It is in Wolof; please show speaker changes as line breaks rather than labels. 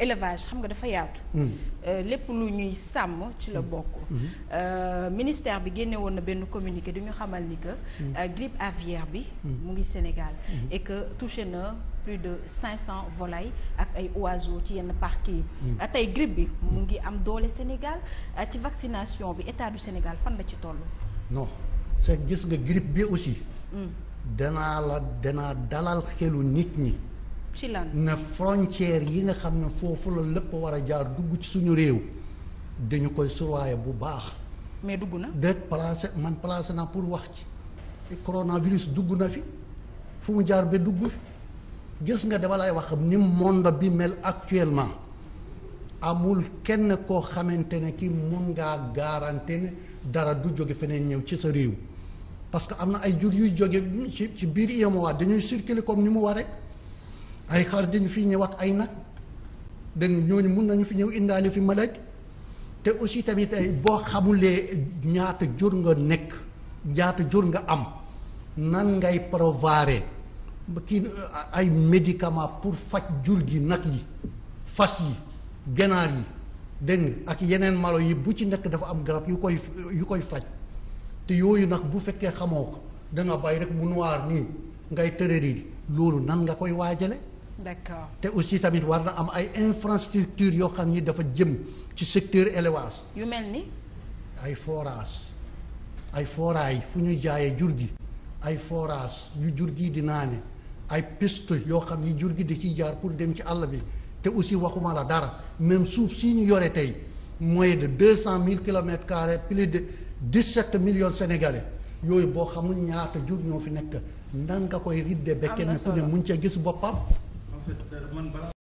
élevage xam nga dafa yaatu. Hmm. Euh, lépp lu ñuy sàmm ci la hmm. bokk. Hmm. Euh, ministère bi génne woon na benn communiqué du ñu xamal ni que. Euh, grippe aviaire bi. mu ngi Sénégal. et que touché na plus de cinq cent volailles ak ay oiseaux ci yenn parc yi. tey grippe bi mu ngi am doole Sénégal ci vaccination bi état du Sénégal fan la ci toll.
non c'est gis nga grippe bi aussi. danaa la danaa dalal xelu nit ñi. ci lan frontière yi nga xam ne foofu la lépp war a jaar dugg ci suñu réew dañu koy surwaaye bu baax. mais dugg na. de placé man placé na pour wax ci. coronavirus dugg na fi fu mu jaar be dugg fi gis nga dama lay wax ni monde bi mel actuellement amul kenn koo xamante ne ki mun ngaa garanté ne dara du jóge feneen ñëw ci sa réew. parce que am na ay jur yuy jóge ci ci biir UEMOA dañuy circuler comme ni mu waree. ay xar dañu fi ñëwaat ay nag dégg ñooñu mun nañu fi ñëw indaale fi malaj te aussi tamit ay eh, boo xamulee ñaata jur nga nekk ñaata jur nga am nan ngay provare kii ay médicament pour faj jur gi nag yi fas yi ganaar yi dégg nga ak yeneen malo yi bu ci nekk dafa am garab yu koy koy faj te yooyu nag bu fekkee xamoo ko danga bàyyi rek mu noir nii ngay tërëri loolu nan nga koy waajale d'accord te aussi tamit war na am ay infrastructures yoo xam ni dafa jëm ci secteur élevage. yu mel ni. ay forage ay foraay fu ñuy jaayee jur gi ay forage yu jur gi di naa ne ay piste yoo xam ni jur gi di ciy jaar pour dem ci àll bi te aussi waxuma la dara même suuf si ñu yore tey mooy de deux cent mille kilomètres carrés plus de dix-sept millions sénégalais yooyu boo xamul ñaata jur ñoo fi nekk nan nga koy ridde bekken ne ku ne mun ca gis boppam
man balaa